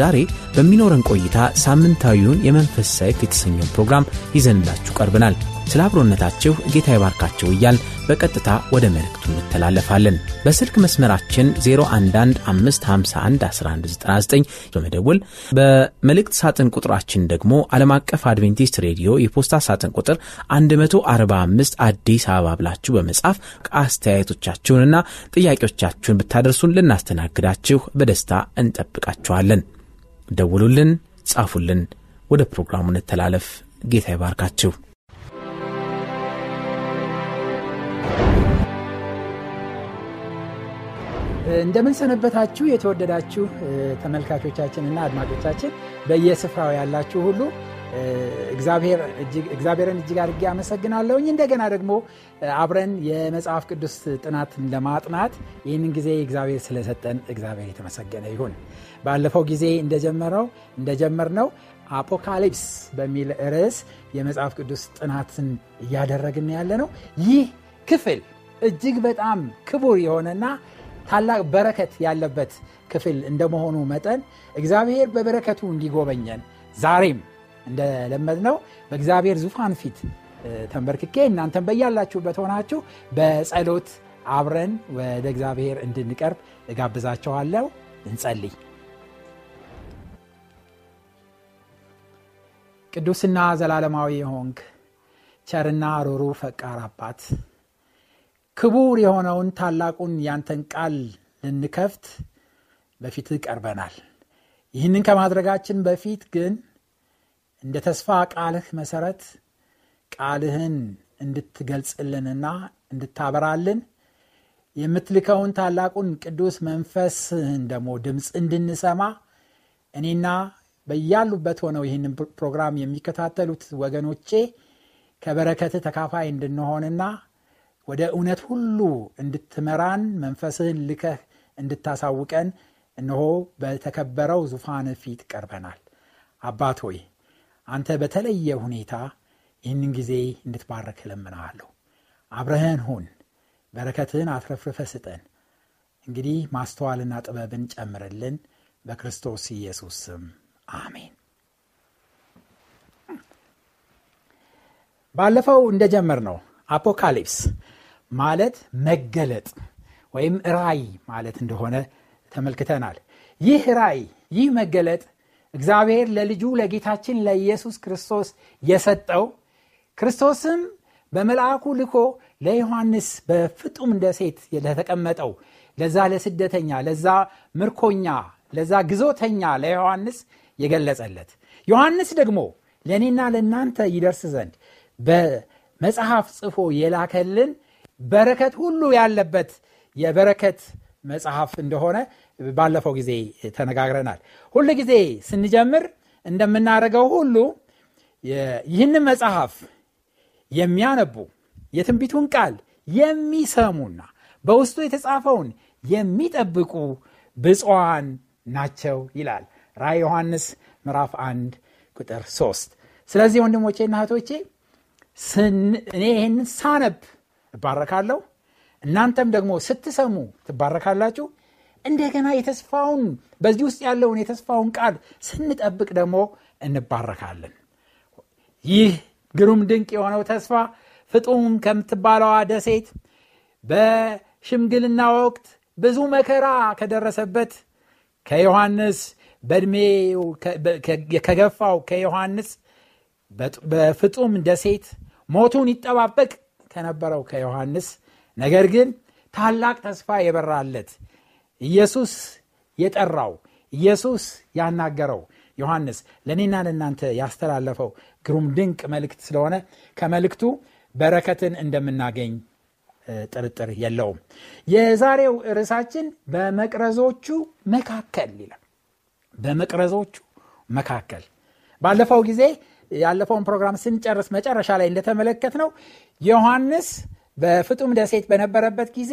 ዛሬ በሚኖረን ቆይታ ሳምንታዊውን የመንፈስ ሰይፍ የተሰኘውን ፕሮግራም ይዘንላችሁ ቀርብናል። ስለ አብሮነታችሁ ጌታ ይባርካቸው እያል በቀጥታ ወደ መልእክቱ እንተላለፋለን። በስልክ መስመራችን 0115511199 በመደውል በመልእክት ሳጥን ቁጥራችን ደግሞ ዓለም አቀፍ አድቬንቲስት ሬዲዮ የፖስታ ሳጥን ቁጥር 145 አዲስ አበባ ብላችሁ በመጻፍ አስተያየቶቻችሁንና ጥያቄዎቻችሁን ብታደርሱን ልናስተናግዳችሁ በደስታ እንጠብቃችኋለን። ደውሉልን፣ ጻፉልን። ወደ ፕሮግራሙ እንተላለፍ። ጌታ ይባርካችሁ። እንደምን ሰነበታችሁ የተወደዳችሁ ተመልካቾቻችንና አድማጮቻችን በየስፍራው ያላችሁ ሁሉ እግዚአብሔርን እጅግ አድርጌ አመሰግናለሁኝ። እንደገና ደግሞ አብረን የመጽሐፍ ቅዱስ ጥናትን ለማጥናት ይህንን ጊዜ እግዚአብሔር ስለሰጠን እግዚአብሔር የተመሰገነ ይሁን። ባለፈው ጊዜ እንደጀመረው ነው። አፖካሊፕስ በሚል ርዕስ የመጽሐፍ ቅዱስ ጥናትን እያደረግን ያለ ነው። ይህ ክፍል እጅግ በጣም ክቡር የሆነና ታላቅ በረከት ያለበት ክፍል እንደመሆኑ መጠን እግዚአብሔር በበረከቱ እንዲጎበኘን ዛሬም እንደለመድ ነው። በእግዚአብሔር ዙፋን ፊት ተንበርክኬ እናንተን በያላችሁበት ሆናችሁ በጸሎት አብረን ወደ እግዚአብሔር እንድንቀርብ እጋብዛችኋለሁ። እንጸልይ። ቅዱስና ዘላለማዊ የሆንክ ቸርና ሮሩ ፈቃር አባት ክቡር የሆነውን ታላቁን ያንተን ቃል ልንከፍት በፊት ቀርበናል። ይህንን ከማድረጋችን በፊት ግን እንደ ተስፋ ቃልህ መሰረት ቃልህን እንድትገልጽልንና እንድታበራልን የምትልከውን ታላቁን ቅዱስ መንፈስህን ደግሞ ድምፅ እንድንሰማ እኔና በያሉበት ሆነው ይህንን ፕሮግራም የሚከታተሉት ወገኖቼ ከበረከት ተካፋይ እንድንሆንና ወደ እውነት ሁሉ እንድትመራን መንፈስህን ልከህ እንድታሳውቀን እነሆ በተከበረው ዙፋን ፊት ቀርበናል። አባት ሆይ አንተ በተለየ ሁኔታ ይህንን ጊዜ እንድትባረክ ለምናሃለሁ አብረህን ሁን፣ በረከትህን አትረፍርፈ ስጠን። እንግዲህ ማስተዋልና ጥበብን ጨምርልን። በክርስቶስ ኢየሱስ ስም አሜን። ባለፈው እንደጀመር ነው አፖካሊፕስ ማለት መገለጥ ወይም ራይ ማለት እንደሆነ ተመልክተናል። ይህ ራይ ይህ መገለጥ እግዚአብሔር ለልጁ ለጌታችን ለኢየሱስ ክርስቶስ የሰጠው ክርስቶስም በመልአኩ ልኮ ለዮሐንስ በፍጡም እንደ ሴት ለተቀመጠው ለዛ ለስደተኛ፣ ለዛ ምርኮኛ፣ ለዛ ግዞተኛ ለዮሐንስ የገለጸለት። ዮሐንስ ደግሞ ለእኔና ለእናንተ ይደርስ ዘንድ በመጽሐፍ ጽፎ የላከልን በረከት ሁሉ ያለበት የበረከት መጽሐፍ እንደሆነ ባለፈው ጊዜ ተነጋግረናል። ሁል ጊዜ ስንጀምር እንደምናደርገው ሁሉ ይህንን መጽሐፍ የሚያነቡ የትንቢቱን ቃል የሚሰሙና በውስጡ የተጻፈውን የሚጠብቁ ብፅዋን ናቸው ይላል። ራእይ ዮሐንስ ምዕራፍ 1 ቁጥር 3 ስለዚህ ና እህቶቼ እኔ ይህን ሳነብ እባረካለሁ እናንተም ደግሞ ስትሰሙ ትባረካላችሁ እንደገና የተስፋውን በዚህ ውስጥ ያለውን የተስፋውን ቃል ስንጠብቅ ደግሞ እንባረካለን ይህ ግሩም ድንቅ የሆነው ተስፋ ፍጡም ከምትባለዋ ደሴት በሽምግልና ወቅት ብዙ መከራ ከደረሰበት ከዮሐንስ በእድሜ ከገፋው ከዮሐንስ በፍጹም ደሴት ሞቱን ይጠባበቅ ከነበረው ከዮሐንስ ነገር ግን ታላቅ ተስፋ የበራለት ኢየሱስ የጠራው ኢየሱስ ያናገረው ዮሐንስ ለእኔና ለእናንተ ያስተላለፈው ግሩም ድንቅ መልእክት ስለሆነ ከመልእክቱ በረከትን እንደምናገኝ ጥርጥር የለውም። የዛሬው ርዕሳችን በመቅረዞቹ መካከል ይላል። በመቅረዞቹ መካከል ባለፈው ጊዜ ያለፈውን ፕሮግራም ስንጨርስ መጨረሻ ላይ እንደተመለከት ነው ዮሐንስ በፍጡም ደሴት በነበረበት ጊዜ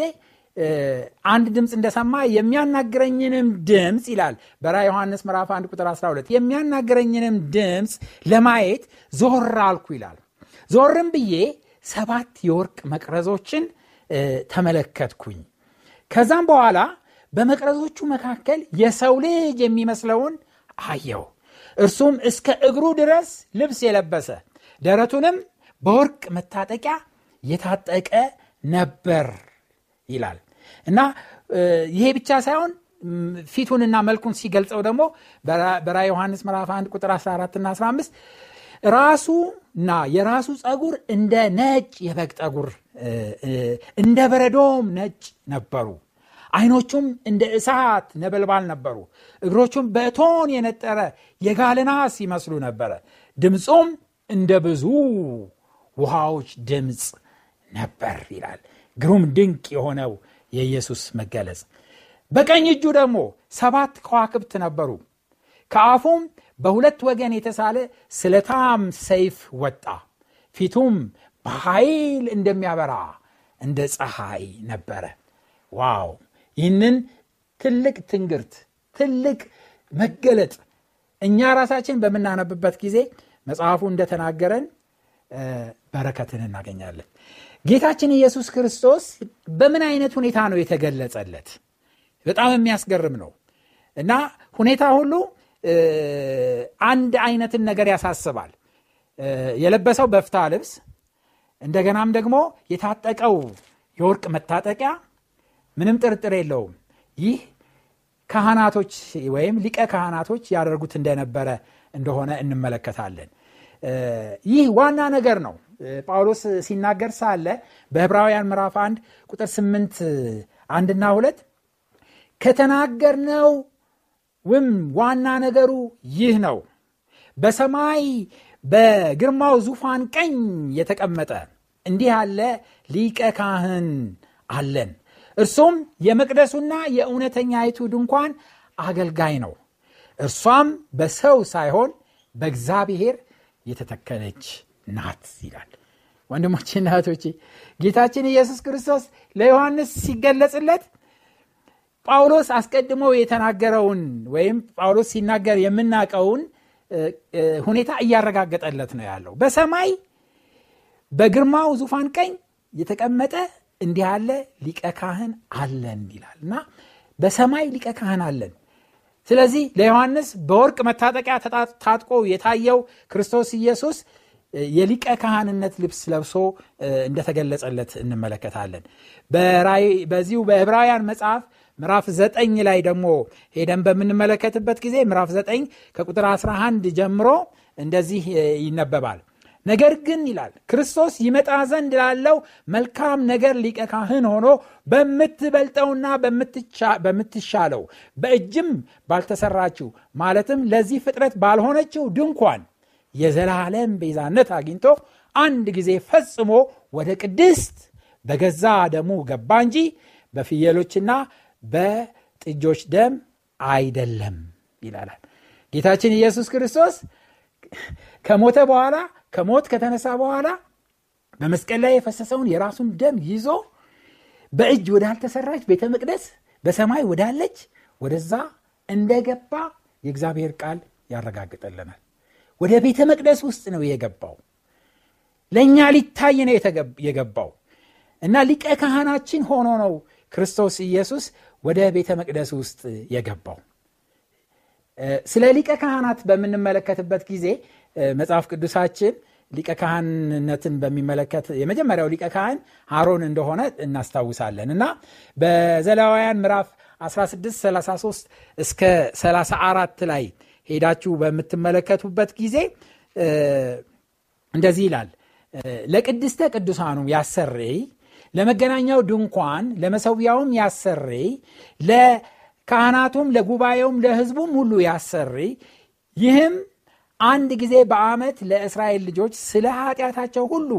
አንድ ድምፅ እንደሰማ የሚያናግረኝንም ድምፅ ይላል በራ ዮሐንስ ምዕራፍ 1 ቁጥር 12 የሚያናግረኝንም ድምፅ ለማየት ዞር አልኩ ይላል ዞርም ብዬ ሰባት የወርቅ መቅረዞችን ተመለከትኩኝ ከዛም በኋላ በመቅረዞቹ መካከል የሰው ልጅ የሚመስለውን አየው። እርሱም እስከ እግሩ ድረስ ልብስ የለበሰ ደረቱንም በወርቅ መታጠቂያ የታጠቀ ነበር ይላል እና ይሄ ብቻ ሳይሆን ፊቱንና መልኩን ሲገልጸው ደግሞ በራ ዮሐንስ መራፍ 1 ቁጥር 14 እና 15 ራሱና የራሱ ፀጉር እንደ ነጭ የበግ ፀጉር እንደ በረዶም ነጭ ነበሩ አይኖቹም እንደ እሳት ነበልባል ነበሩ እግሮቹም በእቶን የነጠረ የጋለ ይመስሉ ነበረ ድምፁም እንደ ብዙ ውሃዎች ድምፅ ነበር ይላል ግሩም ድንቅ የሆነው የኢየሱስ መገለጽ በቀኝ እጁ ደግሞ ሰባት ከዋክብት ነበሩ ከአፉም በሁለት ወገን የተሳለ ስለታም ሰይፍ ወጣ ፊቱም በኃይል እንደሚያበራ እንደ ፀሐይ ነበረ ዋው ይህንን ትልቅ ትንግርት ትልቅ መገለጥ እኛ ራሳችን በምናነብበት ጊዜ መጽሐፉ እንደተናገረን በረከትን እናገኛለን። ጌታችን ኢየሱስ ክርስቶስ በምን አይነት ሁኔታ ነው የተገለጸለት? በጣም የሚያስገርም ነው እና ሁኔታ ሁሉ አንድ አይነትን ነገር ያሳስባል። የለበሰው በፍታ ልብስ እንደገናም ደግሞ የታጠቀው የወርቅ መታጠቂያ ምንም ጥርጥር የለውም ይህ ካህናቶች ወይም ሊቀ ካህናቶች ያደርጉት እንደነበረ እንደሆነ እንመለከታለን ይህ ዋና ነገር ነው ጳውሎስ ሲናገር ሳለ በህብራውያን ምዕራፍ 1 ቁጥር 8 አንድና ሁለት ከተናገርነው ውም ዋና ነገሩ ይህ ነው በሰማይ በግርማው ዙፋን ቀኝ የተቀመጠ እንዲህ ያለ ሊቀ ካህን አለን እርሱም የመቅደሱና የእውነተኛይቱ ድንኳን አገልጋይ ነው እርሷም በሰው ሳይሆን በእግዚአብሔር የተተከለች ናት ይላል ወንድሞች እህቶቼ ጌታችን ኢየሱስ ክርስቶስ ለዮሐንስ ሲገለጽለት ጳውሎስ አስቀድሞ የተናገረውን ወይም ጳውሎስ ሲናገር የምናቀውን ሁኔታ እያረጋገጠለት ነው ያለው በሰማይ በግርማው ዙፋን ቀኝ የተቀመጠ እንዲህ ያለ ሊቀ ካህን አለን ይላል እና በሰማይ ሊቀ ካህን አለን። ስለዚህ ለዮሐንስ በወርቅ መታጠቂያ ታጥቆ የታየው ክርስቶስ ኢየሱስ የሊቀ ካህንነት ልብስ ለብሶ እንደተገለጸለት እንመለከታለን። በዚሁ በዕብራውያን መጽሐፍ ምዕራፍ ዘጠኝ ላይ ደግሞ ሄደን በምንመለከትበት ጊዜ ምዕራፍ ዘጠኝ ከቁጥር 11 ጀምሮ እንደዚህ ይነበባል። ነገር ግን ይላል ክርስቶስ ይመጣ ዘንድ ላለው መልካም ነገር ሊቀ ካህን ሆኖ በምትበልጠውና በምትሻለው በእጅም ባልተሰራችው ማለትም ለዚህ ፍጥረት ባልሆነችው ድንኳን የዘላለም ቤዛነት አግኝቶ አንድ ጊዜ ፈጽሞ ወደ ቅድስት በገዛ ደሙ ገባ እንጂ በፍየሎችና በጥጆች ደም አይደለም ይላላል ጌታችን ኢየሱስ ክርስቶስ ከሞተ በኋላ ከሞት ከተነሳ በኋላ በመስቀል ላይ የፈሰሰውን የራሱን ደም ይዞ በእጅ ወዳልተሰራች ቤተ መቅደስ በሰማይ ወዳለች ወደዛ እንደገባ የእግዚአብሔር ቃል ያረጋግጠልናል። ወደ ቤተ መቅደስ ውስጥ ነው የገባው። ለእኛ ሊታይ ነው የገባው እና ሊቀ ካህናችን ሆኖ ነው ክርስቶስ ኢየሱስ ወደ ቤተ መቅደስ ውስጥ የገባው። ስለ ሊቀ ካህናት በምንመለከትበት ጊዜ መጽሐፍ ቅዱሳችን ሊቀ ካህንነትን በሚመለከት የመጀመሪያው ሊቀ ካህን አሮን እንደሆነ እናስታውሳለን እና በዘላውያን ምዕራፍ 16 እስከ 34 ላይ ሄዳችሁ በምትመለከቱበት ጊዜ እንደዚህ ይላል ለቅድስተ ቅዱሳኑ ያሰሬይ ለመገናኛው ድንኳን ለመሰዊያውም ያሰሬይ ለካህናቱም ለጉባኤውም ለህዝቡም ሁሉ ያሰሬይ ይህም አንድ ጊዜ በዓመት ለእስራኤል ልጆች ስለ ኃጢአታቸው ሁሉ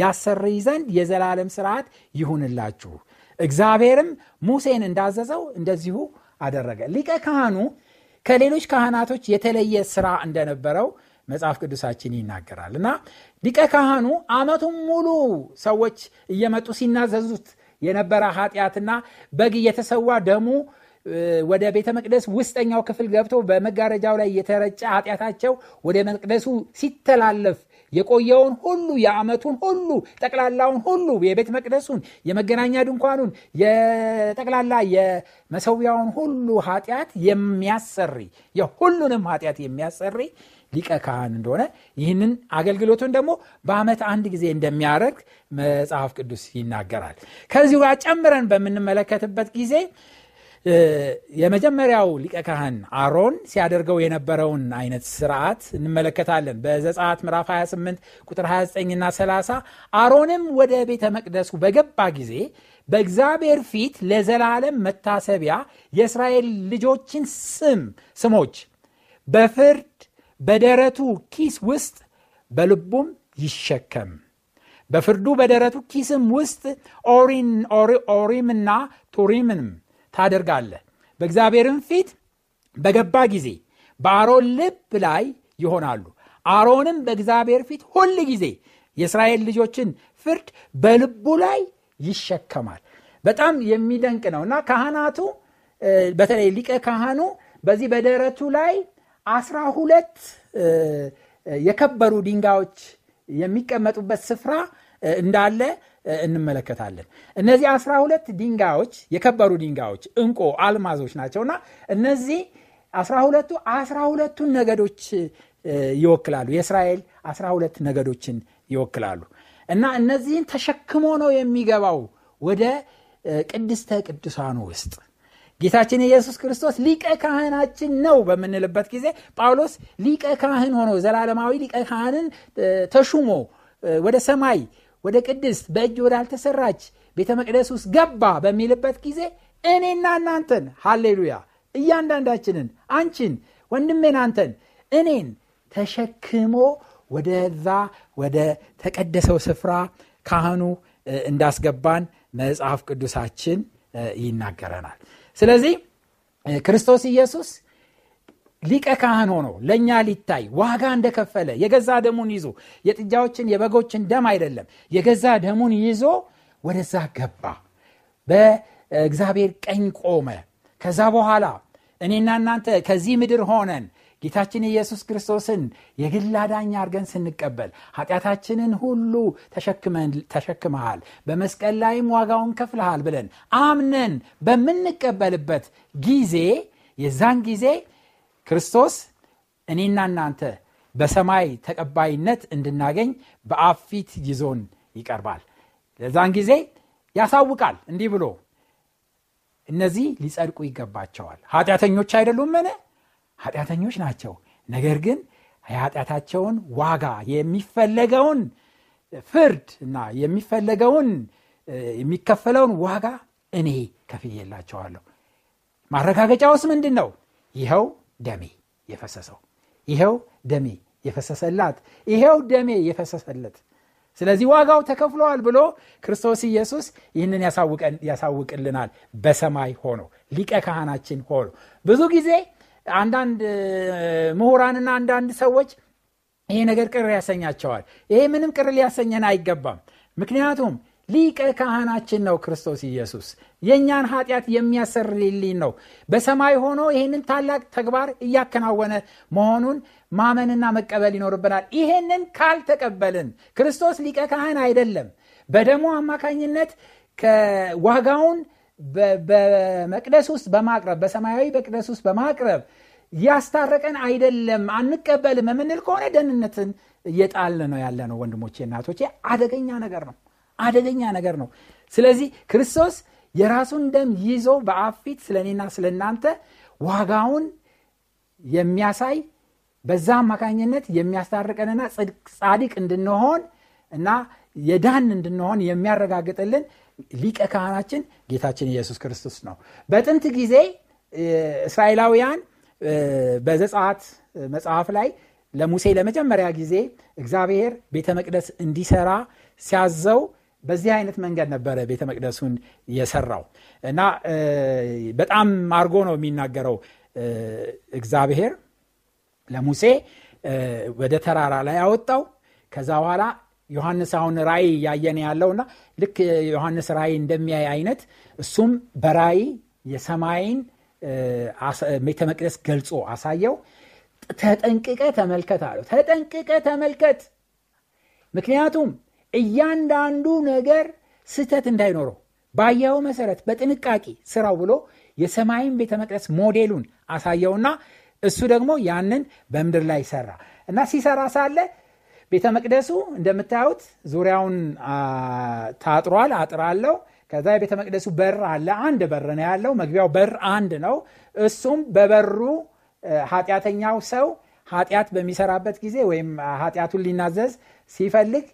ያሰርይ ዘንድ የዘላለም ስርዓት ይሁንላችሁ። እግዚአብሔርም ሙሴን እንዳዘዘው እንደዚሁ አደረገ። ሊቀ ካህኑ ከሌሎች ካህናቶች የተለየ ስራ እንደነበረው መጽሐፍ ቅዱሳችን ይናገራል እና ሊቀ ካህኑ አመቱን ሙሉ ሰዎች እየመጡ ሲናዘዙት የነበረ ኃጢአትና በግ የተሰዋ ደሙ ወደ ቤተ መቅደስ ውስጠኛው ክፍል ገብቶ በመጋረጃው ላይ የተረጨ ኃጢአታቸው ወደ መቅደሱ ሲተላለፍ የቆየውን ሁሉ የአመቱን ሁሉ ጠቅላላውን ሁሉ የቤተ መቅደሱን የመገናኛ ድንኳኑን የጠቅላላ የመሰዊያውን ሁሉ ኃጢአት የሚያሰሪ የሁሉንም ኃጢአት የሚያሰሪ ሊቀ ካህን እንደሆነ ይህንን አገልግሎቱን ደግሞ በአመት አንድ ጊዜ እንደሚያደርግ መጽሐፍ ቅዱስ ይናገራል። ከዚሁ ጋር ጨምረን በምንመለከትበት ጊዜ የመጀመሪያው ሊቀ ካህን አሮን ሲያደርገው የነበረውን አይነት ስርዓት እንመለከታለን። በዘጸአት ምዕራፍ 28 ቁጥር 29ና 30 አሮንም ወደ ቤተ መቅደሱ በገባ ጊዜ በእግዚአብሔር ፊት ለዘላለም መታሰቢያ የእስራኤል ልጆችን ስም ስሞች በፍርድ በደረቱ ኪስ ውስጥ በልቡም ይሸከም በፍርዱ በደረቱ ኪስም ውስጥ ኦሪምና ቱሪምንም ታደርጋለህ። በእግዚአብሔርም ፊት በገባ ጊዜ በአሮን ልብ ላይ ይሆናሉ። አሮንም በእግዚአብሔር ፊት ሁል ጊዜ የእስራኤል ልጆችን ፍርድ በልቡ ላይ ይሸከማል። በጣም የሚደንቅ ነው እና ካህናቱ በተለይ ሊቀ ካህኑ በዚህ በደረቱ ላይ አስራ ሁለት የከበሩ ድንጋዮች የሚቀመጡበት ስፍራ እንዳለ እንመለከታለን። እነዚህ አስራ ሁለት ድንጋዮች የከበሩ ድንጋዮች እንቆ አልማዞች ናቸውና እነዚህ አስራ ሁለቱ አስራ ሁለቱን ነገዶች ይወክላሉ። የእስራኤል አስራ ሁለት ነገዶችን ይወክላሉ እና እነዚህን ተሸክሞ ነው የሚገባው ወደ ቅድስተ ቅዱሳኑ ውስጥ ጌታችን ኢየሱስ ክርስቶስ ሊቀ ካህናችን ነው በምንልበት ጊዜ ጳውሎስ ሊቀ ካህን ሆኖ ዘላለማዊ ሊቀ ካህንን ተሹሞ ወደ ሰማይ ወደ ቅድስት በእጅ ወዳልተሰራች ቤተ መቅደስ ውስጥ ገባ በሚልበት ጊዜ እኔና እናንተን ሃሌሉያ እያንዳንዳችንን አንቺን ወንድሜን አንተን እኔን ተሸክሞ ወደዛ ወደ ተቀደሰው ስፍራ ካህኑ እንዳስገባን መጽሐፍ ቅዱሳችን ይናገረናል ስለዚህ ክርስቶስ ኢየሱስ ሊቀ ካህን ሆኖ ለእኛ ሊታይ ዋጋ እንደከፈለ የገዛ ደሙን ይዞ የጥጃዎችን የበጎችን ደም አይደለም የገዛ ደሙን ይዞ ወደዛ ገባ በእግዚአብሔር ቀኝ ቆመ ከዛ በኋላ እኔና እናንተ ከዚህ ምድር ሆነን ጌታችን ኢየሱስ ክርስቶስን የግል አዳኝ አድርገን ስንቀበል ኃጢአታችንን ሁሉ ተሸክመሃል በመስቀል ላይም ዋጋውን ከፍልሃል ብለን አምነን በምንቀበልበት ጊዜ የዛን ጊዜ ክርስቶስ እኔና እናንተ በሰማይ ተቀባይነት እንድናገኝ በአፊት ይዞን ይቀርባል ለዛን ጊዜ ያሳውቃል እንዲህ ብሎ እነዚህ ሊጸድቁ ይገባቸዋል ኃጢአተኞች ምን? ኃጢአተኞች ናቸው ነገር ግን የኃጢአታቸውን ዋጋ የሚፈለገውን ፍርድ እና የሚፈለገውን የሚከፈለውን ዋጋ እኔ ከፍዬላቸዋለሁ ማረጋገጫውስ ምንድን ነው ይኸው ደሜ የፈሰሰው ይኸው ደሜ የፈሰሰላት ይሄው ደሜ የፈሰሰለት ስለዚህ ዋጋው ተከፍለዋል ብሎ ክርስቶስ ኢየሱስ ይህንን ያሳውቅልናል በሰማይ ሆኖ ሊቀ ካህናችን ሆኖ ብዙ ጊዜ አንዳንድ ምሁራንና አንዳንድ ሰዎች ይሄ ነገር ቅር ያሰኛቸዋል ይሄ ምንም ቅር ሊያሰኘን አይገባም ምክንያቱም ሊቀ ካህናችን ነው ክርስቶስ ኢየሱስ የእኛን ኃጢአት የሚያሰርልልን ነው በሰማይ ሆኖ ይህንን ታላቅ ተግባር እያከናወነ መሆኑን ማመንና መቀበል ይኖርብናል ይህንን ካልተቀበልን ክርስቶስ ሊቀ ካህን አይደለም በደሞ አማካኝነት ዋጋውን በመቅደስ ውስጥ በማቅረብ በሰማያዊ መቅደስ ውስጥ በማቅረብ ያስታረቀን አይደለም አንቀበልም የምንል ከሆነ ደህንነትን እየጣልን ነው ያለ ነው ወንድሞቼ እናቶቼ አደገኛ ነገር ነው አደገኛ ነገር ነው ስለዚህ ክርስቶስ የራሱን ደም ይዞ በአፊት ፊት ስለ እኔና ስለ እናንተ ዋጋውን የሚያሳይ በዛ አማካኝነት የሚያስታርቀንና ጻድቅ እንድንሆን እና የዳን እንድንሆን የሚያረጋግጥልን ሊቀ ካህናችን ጌታችን ኢየሱስ ክርስቶስ ነው በጥንት ጊዜ እስራኤላውያን በዘጻት መጽሐፍ ላይ ለሙሴ ለመጀመሪያ ጊዜ እግዚአብሔር ቤተ መቅደስ እንዲሰራ ሲያዘው በዚህ አይነት መንገድ ነበረ ቤተ መቅደሱን የሰራው እና በጣም አድርጎ ነው የሚናገረው እግዚአብሔር ለሙሴ ወደ ተራራ ላይ ያወጣው። ከዛ በኋላ ዮሐንስ አሁን ራይ እያየን ያለውና ልክ ዮሐንስ ራይ እንደሚያይ አይነት እሱም በራይ የሰማይን ቤተ መቅደስ ገልጾ አሳየው። ተጠንቅቀ ተመልከት አለው። ተጠንቅቀ ተመልከት ምክንያቱም እያንዳንዱ ነገር ስህተት እንዳይኖረው ባየኸው መሰረት በጥንቃቄ ስራው ብሎ የሰማይን ቤተ መቅደስ ሞዴሉን አሳየውና እሱ ደግሞ ያንን በምድር ላይ ሰራ እና ሲሰራ ሳለ ቤተ መቅደሱ እንደምታዩት ዙሪያውን ታጥሯል፣ አጥራለው ከዛ የቤተ መቅደሱ በር አለ። አንድ በር ነው ያለው። መግቢያው በር አንድ ነው። እሱም በበሩ ኃጢአተኛው ሰው ኃጢአት በሚሰራበት ጊዜ ወይም ኃጢአቱን ሊናዘዝ ሲፈልግ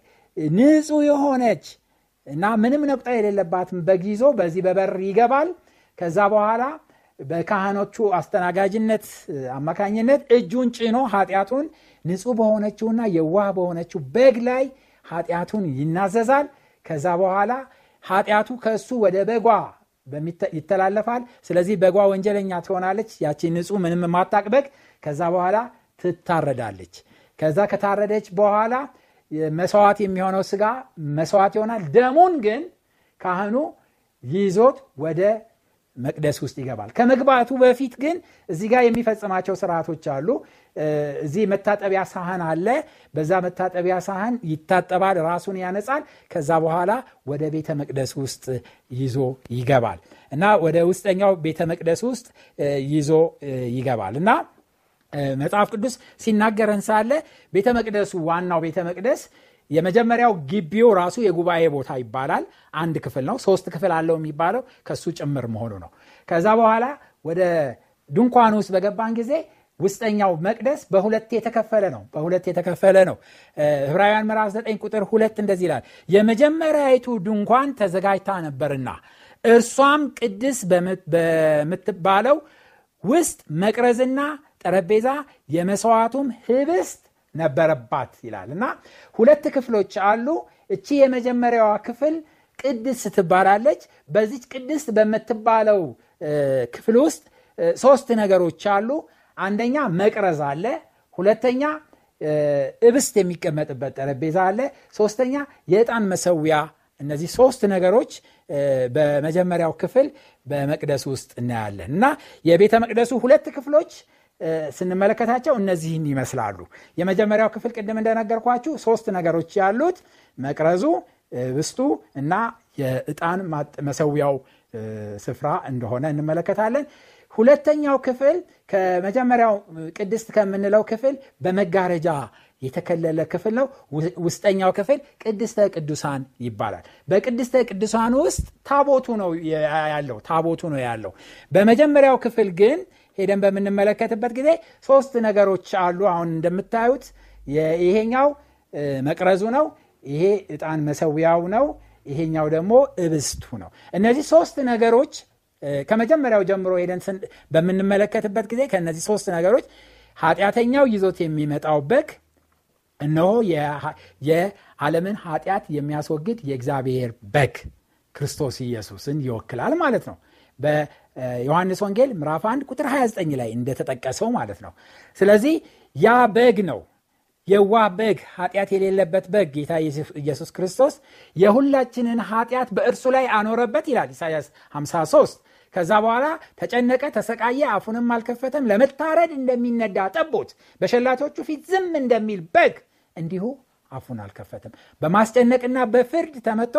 ንጹህ የሆነች እና ምንም ነቁጣ የሌለባትም በግ ይዞ በዚህ በበር ይገባል። ከዛ በኋላ በካህኖቹ አስተናጋጅነት አማካኝነት እጁን ጭኖ ኃጢአቱን ንጹህ በሆነችውና የዋህ በሆነችው በግ ላይ ኃጢአቱን ይናዘዛል። ከዛ በኋላ ኃጢአቱ ከእሱ ወደ በጓ ይተላለፋል። ስለዚህ በጓ ወንጀለኛ ትሆናለች። ያቺ ንጹህ ምንም ማታቅ በግ ከዛ በኋላ ትታረዳለች። ከዛ ከታረደች በኋላ መስዋዕት የሚሆነው ስጋ መስዋዕት ይሆናል። ደሙን ግን ካህኑ ይዞት ወደ መቅደስ ውስጥ ይገባል። ከመግባቱ በፊት ግን እዚህ ጋር የሚፈጽማቸው ስርዓቶች አሉ። እዚህ መታጠቢያ ሳህን አለ። በዛ መታጠቢያ ሳህን ይታጠባል፣ ራሱን ያነጻል። ከዛ በኋላ ወደ ቤተ መቅደስ ውስጥ ይዞ ይገባል እና ወደ ውስጠኛው ቤተ መቅደስ ውስጥ ይዞ ይገባል እና መጽሐፍ ቅዱስ ሲናገረን ሳለ ቤተ መቅደሱ ዋናው ቤተ መቅደስ የመጀመሪያው ግቢው ራሱ የጉባኤ ቦታ ይባላል። አንድ ክፍል ነው። ሶስት ክፍል አለው የሚባለው ከሱ ጭምር መሆኑ ነው። ከዛ በኋላ ወደ ድንኳን ውስጥ በገባን ጊዜ ውስጠኛው መቅደስ በሁለት የተከፈለ ነው። በሁለት የተከፈለ ነው። ህብራውያን ምዕራፍ 9 ቁጥር ሁለት እንደዚህ ይላል፣ የመጀመሪያዊቱ ድንኳን ተዘጋጅታ ነበርና እርሷም ቅድስ በምትባለው ውስጥ መቅረዝና ጠረጴዛ የመስዋዕቱም ህብስት ነበረባት ይላል እና ሁለት ክፍሎች አሉ እቺ የመጀመሪያዋ ክፍል ቅድስት ትባላለች በዚች ቅድስት በምትባለው ክፍል ውስጥ ሶስት ነገሮች አሉ አንደኛ መቅረዝ አለ ሁለተኛ እብስት የሚቀመጥበት ጠረጴዛ አለ ሶስተኛ የዕጣን መሰዊያ እነዚህ ሶስት ነገሮች በመጀመሪያው ክፍል በመቅደሱ ውስጥ እናያለን እና የቤተ መቅደሱ ሁለት ክፍሎች ስንመለከታቸው እነዚህን ይመስላሉ። የመጀመሪያው ክፍል ቅድም እንደነገርኳችሁ ሶስት ነገሮች ያሉት መቅረዙ፣ ህብስቱ እና የእጣን መሰዊያው ስፍራ እንደሆነ እንመለከታለን። ሁለተኛው ክፍል ከመጀመሪያው ቅድስት ከምንለው ክፍል በመጋረጃ የተከለለ ክፍል ነው። ውስጠኛው ክፍል ቅድስተ ቅዱሳን ይባላል። በቅድስተ ቅዱሳን ውስጥ ታቦቱ ነው ያለው ታቦቱ ነው ያለው። በመጀመሪያው ክፍል ግን ሄደን በምንመለከትበት ጊዜ ሶስት ነገሮች አሉ። አሁን እንደምታዩት ይሄኛው መቅረዙ ነው። ይሄ እጣን መሰዊያው ነው። ይሄኛው ደግሞ እብስቱ ነው። እነዚህ ሶስት ነገሮች ከመጀመሪያው ጀምሮ ሄደን በምንመለከትበት ጊዜ ከእነዚህ ሶስት ነገሮች ኃጢአተኛው ይዞት የሚመጣው በግ እነሆ የዓለምን ኃጢአት የሚያስወግድ የእግዚአብሔር በግ ክርስቶስ ኢየሱስን ይወክላል ማለት ነው። ዮሐንስ ወንጌል ምራፍ 1 ቁጥር 29 ላይ እንደተጠቀሰው ማለት ነው። ስለዚህ ያ በግ ነው የዋ በግ ኃጢአት የሌለበት በግ ጌታ ኢየሱስ ክርስቶስ የሁላችንን ኃጢአት በእርሱ ላይ አኖረበት ይላል ኢሳያስ 53 ከዛ በኋላ ተጨነቀ፣ ተሰቃየ፣ አፉንም አልከፈተም። ለመታረድ እንደሚነዳ ጠቦት በሸላቶቹ ፊት ዝም እንደሚል በግ እንዲሁ አፉን አልከፈተም። በማስጨነቅና በፍርድ ተመቶ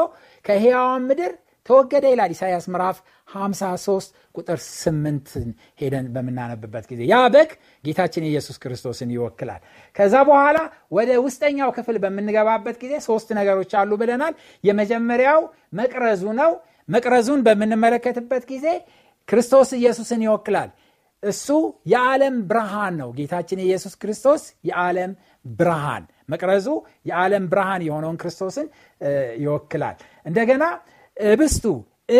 ከሕያዋን ምድር ተወገደ ይላል ኢሳያስ ምዕራፍ 53 ቁጥር 8 ሄደን በምናነብበት ጊዜ ያ በግ ጌታችን ኢየሱስ ክርስቶስን ይወክላል። ከዛ በኋላ ወደ ውስጠኛው ክፍል በምንገባበት ጊዜ ሶስት ነገሮች አሉ ብለናል። የመጀመሪያው መቅረዙ ነው። መቅረዙን በምንመለከትበት ጊዜ ክርስቶስ ኢየሱስን ይወክላል። እሱ የዓለም ብርሃን ነው። ጌታችን ኢየሱስ ክርስቶስ የዓለም ብርሃን መቅረዙ የዓለም ብርሃን የሆነውን ክርስቶስን ይወክላል። እንደገና እብስቱ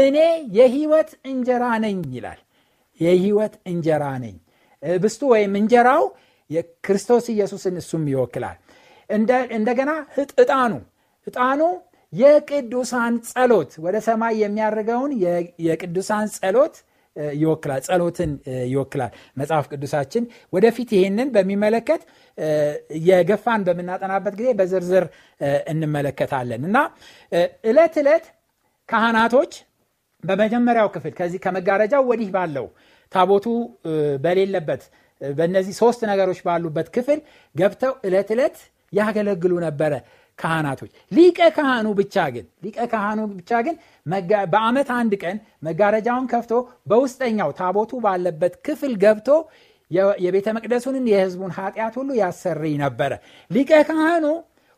እኔ የህይወት እንጀራ ነኝ ይላል። የህይወት እንጀራ ነኝ። እብስቱ ወይም እንጀራው የክርስቶስ ኢየሱስን እሱም ይወክላል። እንደገና እጣኑ እጣኑ የቅዱሳን ጸሎት ወደ ሰማይ የሚያደርገውን የቅዱሳን ጸሎት ይወክላል። ጸሎትን ይወክላል። መጽሐፍ ቅዱሳችን ወደፊት ይህንን በሚመለከት የገፋን በምናጠናበት ጊዜ በዝርዝር እንመለከታለን እና ዕለት ዕለት ካህናቶች በመጀመሪያው ክፍል ከዚህ ከመጋረጃው ወዲህ ባለው ታቦቱ በሌለበት በእነዚህ ሶስት ነገሮች ባሉበት ክፍል ገብተው እለት ዕለት ያገለግሉ ነበረ ካህናቶች። ሊቀ ካህኑ ብቻ ግን ሊቀ ካህኑ ብቻ ግን በአመት አንድ ቀን መጋረጃውን ከፍቶ በውስጠኛው ታቦቱ ባለበት ክፍል ገብቶ የቤተ መቅደሱንን የህዝቡን ኃጢአት ሁሉ ያሰርይ ነበረ። ሊቀ ካህኑ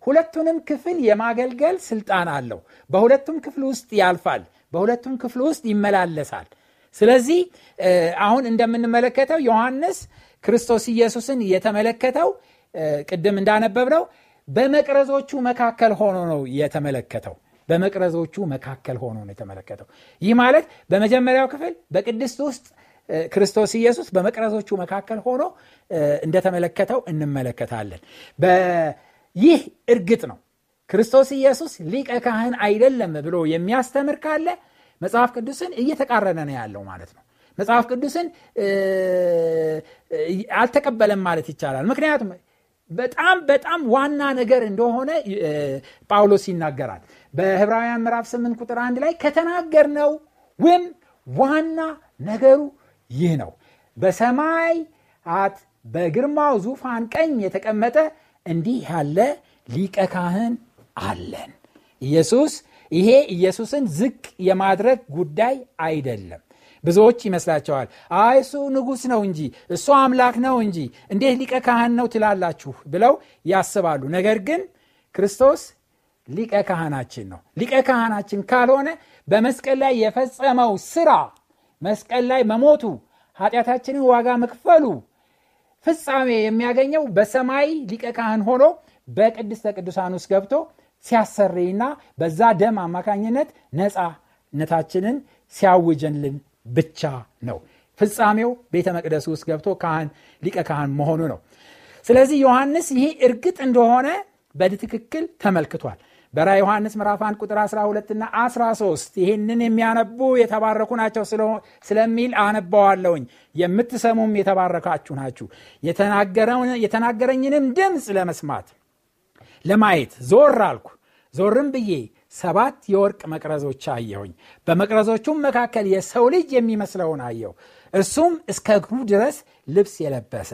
ሁለቱንም ክፍል የማገልገል ስልጣን አለው። በሁለቱም ክፍል ውስጥ ያልፋል፣ በሁለቱም ክፍል ውስጥ ይመላለሳል። ስለዚህ አሁን እንደምንመለከተው ዮሐንስ ክርስቶስ ኢየሱስን የተመለከተው ቅድም እንዳነበብነው በመቅረዞቹ መካከል ሆኖ ነው የተመለከተው። በመቅረዞቹ መካከል ሆኖ ነው የተመለከተው። ይህ ማለት በመጀመሪያው ክፍል በቅድስት ውስጥ ክርስቶስ ኢየሱስ በመቅረዞቹ መካከል ሆኖ እንደተመለከተው እንመለከታለን። ይህ እርግጥ ነው። ክርስቶስ ኢየሱስ ሊቀ ካህን አይደለም ብሎ የሚያስተምር ካለ መጽሐፍ ቅዱስን እየተቃረነ ነው ያለው ማለት ነው። መጽሐፍ ቅዱስን አልተቀበለም ማለት ይቻላል። ምክንያቱም በጣም በጣም ዋና ነገር እንደሆነ ጳውሎስ ይናገራል። በህብራውያን ምዕራፍ 8 ቁጥር አንድ ላይ ከተናገርነው ውም ዋና ነገሩ ይህ ነው አት በግርማው ዙፋን ቀኝ የተቀመጠ እንዲህ ያለ ሊቀ ካህን አለን። ኢየሱስ ይሄ ኢየሱስን ዝቅ የማድረግ ጉዳይ አይደለም። ብዙዎች ይመስላቸዋል። አይ እሱ ንጉሥ ነው እንጂ እሱ አምላክ ነው እንጂ እንዴት ሊቀ ካህን ነው ትላላችሁ ብለው ያስባሉ። ነገር ግን ክርስቶስ ሊቀ ካህናችን ነው። ሊቀ ካህናችን ካልሆነ በመስቀል ላይ የፈጸመው ስራ መስቀል ላይ መሞቱ ኃጢአታችንን ዋጋ መክፈሉ ፍጻሜ የሚያገኘው በሰማይ ሊቀ ካህን ሆኖ በቅድስተ ቅዱሳን ውስጥ ገብቶ ሲያሰርይና በዛ ደም አማካኝነት ነፃነታችንን ሲያውጀንልን ብቻ ነው። ፍጻሜው ቤተ መቅደሱ ውስጥ ገብቶ ካህን ሊቀ ካህን መሆኑ ነው። ስለዚህ ዮሐንስ ይሄ እርግጥ እንደሆነ በትክክል ተመልክቷል። በራ ዮሐንስ ምዕራፍ 1 ቁጥር 12 እና 13 ይህንን የሚያነቡ የተባረኩ ናቸው ስለሚል አነባዋለሁኝ። የምትሰሙም የተባረካችሁ ናችሁ፣ የተናገረኝንም ድምፅ ለመስማት ለማየት ዞር አልኩ። ዞርም ብዬ ሰባት የወርቅ መቅረዞች አየሁኝ። በመቅረዞቹም መካከል የሰው ልጅ የሚመስለውን አየሁ። እርሱም እስከ እግሩ ድረስ ልብስ የለበሰ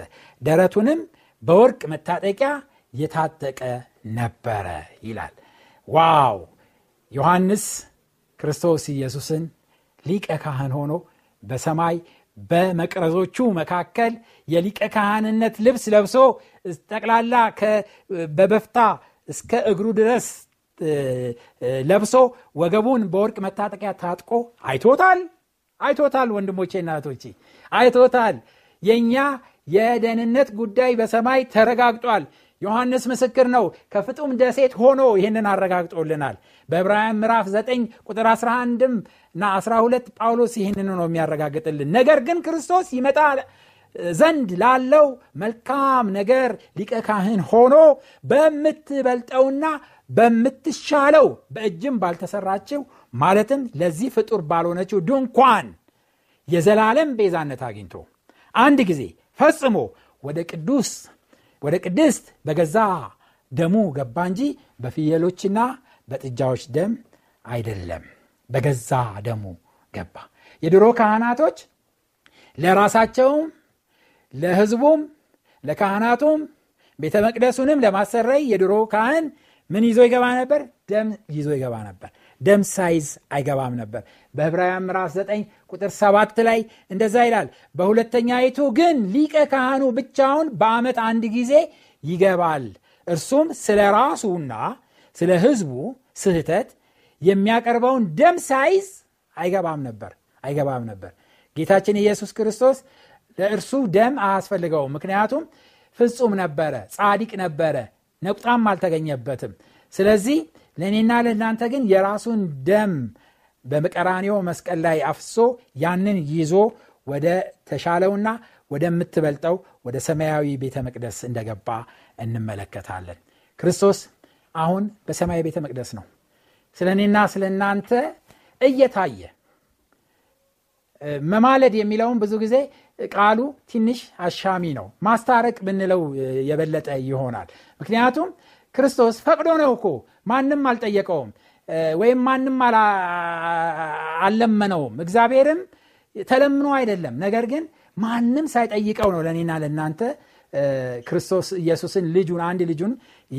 ደረቱንም በወርቅ መታጠቂያ የታጠቀ ነበረ ይላል። ዋው ዮሐንስ ክርስቶስ ኢየሱስን ሊቀ ካህን ሆኖ በሰማይ በመቅረዞቹ መካከል የሊቀ ካህንነት ልብስ ለብሶ ጠቅላላ በበፍታ እስከ እግሩ ድረስ ለብሶ ወገቡን በወርቅ መታጠቂያ ታጥቆ አይቶታል አይቶታል ወንድሞቼ እናቶቼ አይቶታል የእኛ የደህንነት ጉዳይ በሰማይ ተረጋግጧል ዮሐንስ ምስክር ነው ከፍጡም ደሴት ሆኖ ይህንን አረጋግጦልናል በዕብራውያን ምዕራፍ 9 ቁጥር 11 እና 12 ጳውሎስ ይህንን ነው የሚያረጋግጥልን ነገር ግን ክርስቶስ ይመጣ ዘንድ ላለው መልካም ነገር ሊቀ ካህን ሆኖ በምትበልጠውና በምትሻለው በእጅም ባልተሰራችው ማለትም ለዚህ ፍጡር ባልሆነችው ድንኳን የዘላለም ቤዛነት አግኝቶ አንድ ጊዜ ፈጽሞ ወደ ቅዱስ ወደ ቅድስት በገዛ ደሙ ገባ እንጂ በፍየሎችና በጥጃዎች ደም አይደለም። በገዛ ደሙ ገባ። የድሮ ካህናቶች ለራሳቸውም ለህዝቡም ለካህናቱም ቤተ መቅደሱንም ለማሰረይ የድሮ ካህን ምን ይዞ ይገባ ነበር? ደም ይዞ ይገባ ነበር። ደም ሳይዝ አይገባም ነበር በህብራውያን ምራፍ 9 ቁጥር 7 ላይ እንደዛ ይላል ይቱ ግን ሊቀ ካህኑ ብቻውን በአመት አንድ ጊዜ ይገባል እርሱም ስለ ራሱና ስለ ህዝቡ ስህተት የሚያቀርበውን ደም ሳይዝ አይገባም ነበር አይገባም ነበር ጌታችን ኢየሱስ ክርስቶስ ለእርሱ ደም አያስፈልገውም ምክንያቱም ፍጹም ነበረ ጻዲቅ ነበረ ነቁጣም አልተገኘበትም ስለዚህ ለእኔና ለእናንተ ግን የራሱን ደም በመቀራኔው መስቀል ላይ አፍሶ ያንን ይዞ ወደ ተሻለውና ወደምትበልጠው ወደ ሰማያዊ ቤተ መቅደስ እንደገባ እንመለከታለን ክርስቶስ አሁን በሰማያዊ ቤተ መቅደስ ነው ስለ እኔና ስለ እናንተ እየታየ መማለድ የሚለውን ብዙ ጊዜ ቃሉ ትንሽ አሻሚ ነው ማስታረቅ ብንለው የበለጠ ይሆናል ምክንያቱም ክርስቶስ ፈቅዶ ነው እኮ ማንም አልጠየቀውም ወይም ማንም አልለመነውም እግዚአብሔርም ተለምኖ አይደለም ነገር ግን ማንም ሳይጠይቀው ነው ለእኔና ለእናንተ ክርስቶስ ኢየሱስን ልጁን አንድ ልጁን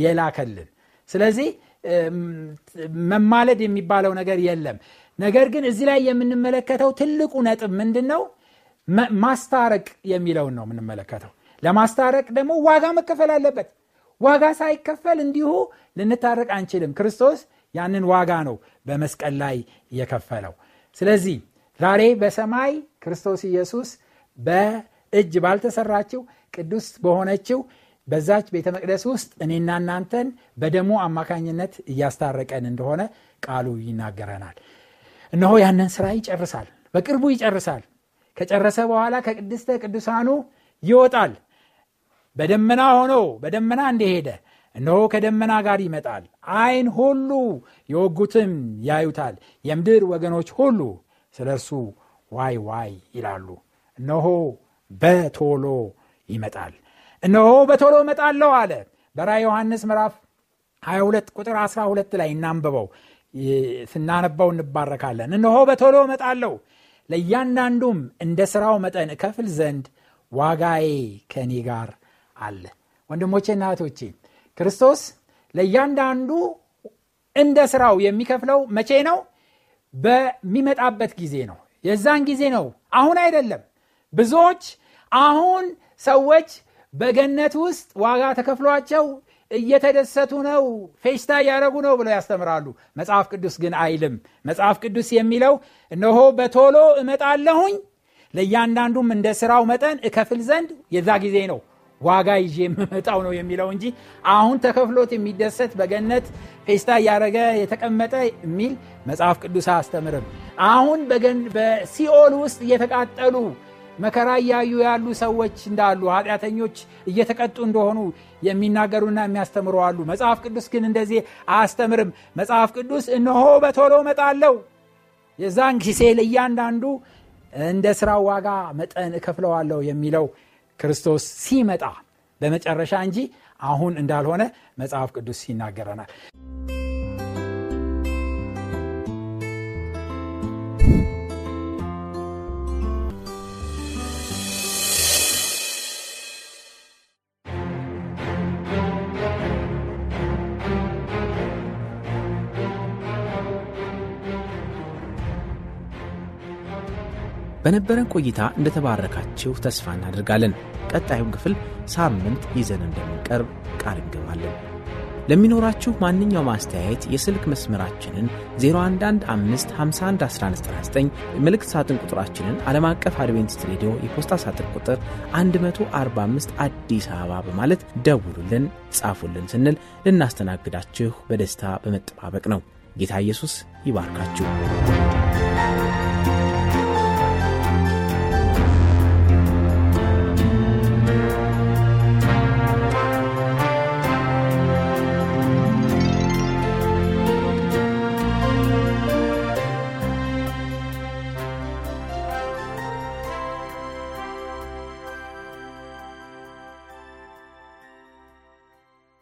የላከልን ስለዚህ መማለድ የሚባለው ነገር የለም ነገር ግን እዚህ ላይ የምንመለከተው ትልቁ ነጥብ ምንድን ነው ማስታረቅ የሚለውን ነው የምንመለከተው ለማስታረቅ ደግሞ ዋጋ መከፈል አለበት ዋጋ ሳይከፈል እንዲሁ ልንታረቅ አንችልም። ክርስቶስ ያንን ዋጋ ነው በመስቀል ላይ የከፈለው። ስለዚህ ዛሬ በሰማይ ክርስቶስ ኢየሱስ በእጅ ባልተሰራችው ቅዱስ በሆነችው በዛች ቤተ መቅደስ ውስጥ እኔና እናንተን በደሞ አማካኝነት እያስታረቀን እንደሆነ ቃሉ ይናገረናል። እነሆ ያንን ስራ ይጨርሳል፣ በቅርቡ ይጨርሳል። ከጨረሰ በኋላ ከቅድስተ ቅዱሳኑ ይወጣል። በደመና ሆኖ በደመና እንደሄደ እነሆ ከደመና ጋር ይመጣል። አይን ሁሉ የወጉትም ያዩታል፣ የምድር ወገኖች ሁሉ ስለ እርሱ ዋይ ዋይ ይላሉ። እነሆ በቶሎ ይመጣል። እነሆ በቶሎ እመጣለሁ አለ። በራ ዮሐንስ ምዕራፍ 22 ቁጥር 12 ላይ እናንብበው። ስናነባው እንባረካለን። እነሆ በቶሎ እመጣለሁ፣ ለእያንዳንዱም እንደ ሥራው መጠን እከፍል ዘንድ ዋጋዬ ከኔ ጋር አለ። ወንድሞቼና እህቶቼ ክርስቶስ ለእያንዳንዱ እንደ ስራው የሚከፍለው መቼ ነው? በሚመጣበት ጊዜ ነው። የዛን ጊዜ ነው፣ አሁን አይደለም። ብዙዎች አሁን ሰዎች በገነት ውስጥ ዋጋ ተከፍሏቸው እየተደሰቱ ነው፣ ፌሽታ እያደረጉ ነው ብለው ያስተምራሉ። መጽሐፍ ቅዱስ ግን አይልም። መጽሐፍ ቅዱስ የሚለው እነሆ በቶሎ እመጣለሁኝ፣ ለእያንዳንዱም እንደ ስራው መጠን እከፍል ዘንድ የዛ ጊዜ ነው ዋጋ ይዤ የምመጣው ነው የሚለው እንጂ አሁን ተከፍሎት የሚደሰት በገነት ፌስታ እያደረገ የተቀመጠ የሚል መጽሐፍ ቅዱስ አያስተምርም። አሁን በሲኦል ውስጥ እየተቃጠሉ መከራ እያዩ ያሉ ሰዎች እንዳሉ ኃጢአተኞች እየተቀጡ እንደሆኑ የሚናገሩና የሚያስተምሩ አሉ። መጽሐፍ ቅዱስ ግን እንደዚህ አያስተምርም። መጽሐፍ ቅዱስ እነሆ በቶሎ መጣለው የዛን ጊዜ ለእያንዳንዱ እንደ ስራው ዋጋ መጠን እከፍለዋለሁ የሚለው ክርስቶስ ሲመጣ በመጨረሻ እንጂ አሁን እንዳልሆነ መጽሐፍ ቅዱስ ይናገረናል። በነበረን ቆይታ እንደተባረካችሁ ተስፋ እናደርጋለን። ቀጣዩን ክፍል ሳምንት ይዘን እንደምንቀርብ ቃል እንገባለን። ለሚኖራችሁ ማንኛውም አስተያየት የስልክ መስመራችንን 0115511199 መልእክት ሳጥን ቁጥራችንን ዓለም አቀፍ አድቬንቲስት ሬዲዮ የፖስታ ሳጥን ቁጥር 145 አዲስ አበባ በማለት ደውሉልን፣ ጻፉልን ስንል ልናስተናግዳችሁ በደስታ በመጠባበቅ ነው። ጌታ ኢየሱስ ይባርካችሁ።